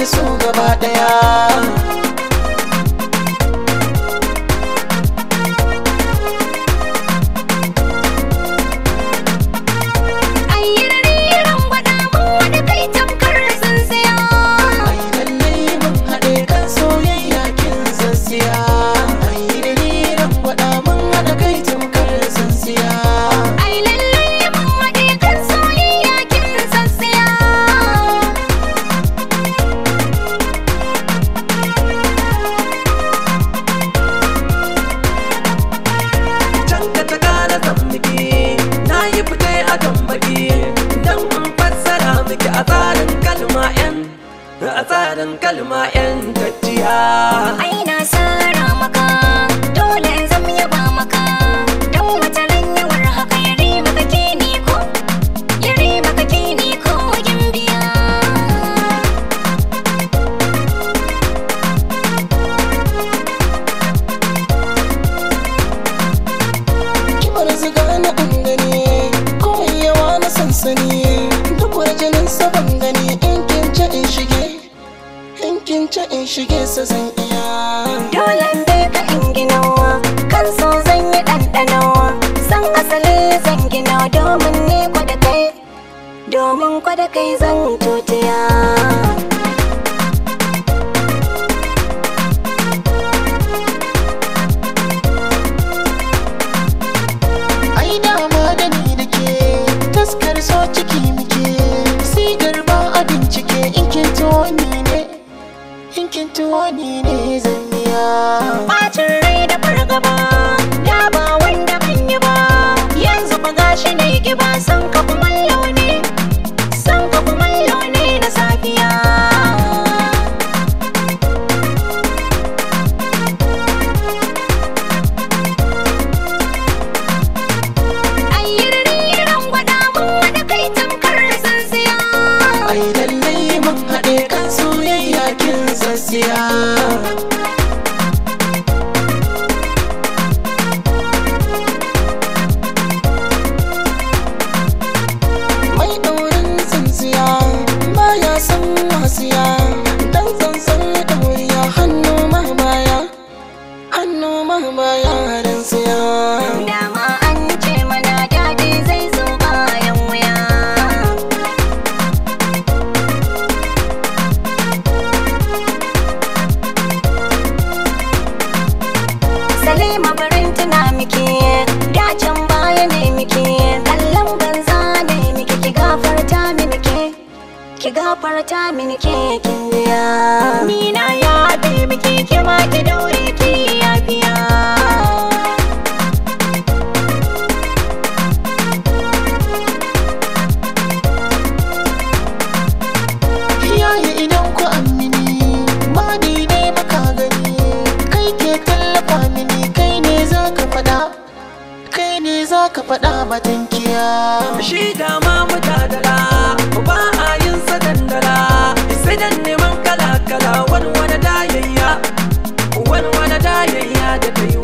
su gaba daya yaran kalma 'yan gajiya shige su zan iya dole ne ka in wa, kan so zan yi ɗanɗanawa san asali zan gina domin ne da kai domin da kai Kinkin tuwo ni ne zan biya Bacin rai da fargaba Da ba wanda ban yi ba Yanzu ba gashi ne gibansa ta min kekin biya ni na ya bi miki ma ki daure ki ya biya yayi idan ku amini mani ne maka gani kai ke tallafa mini kai ne zaka fada kai ne zaka fada shi da I did for you.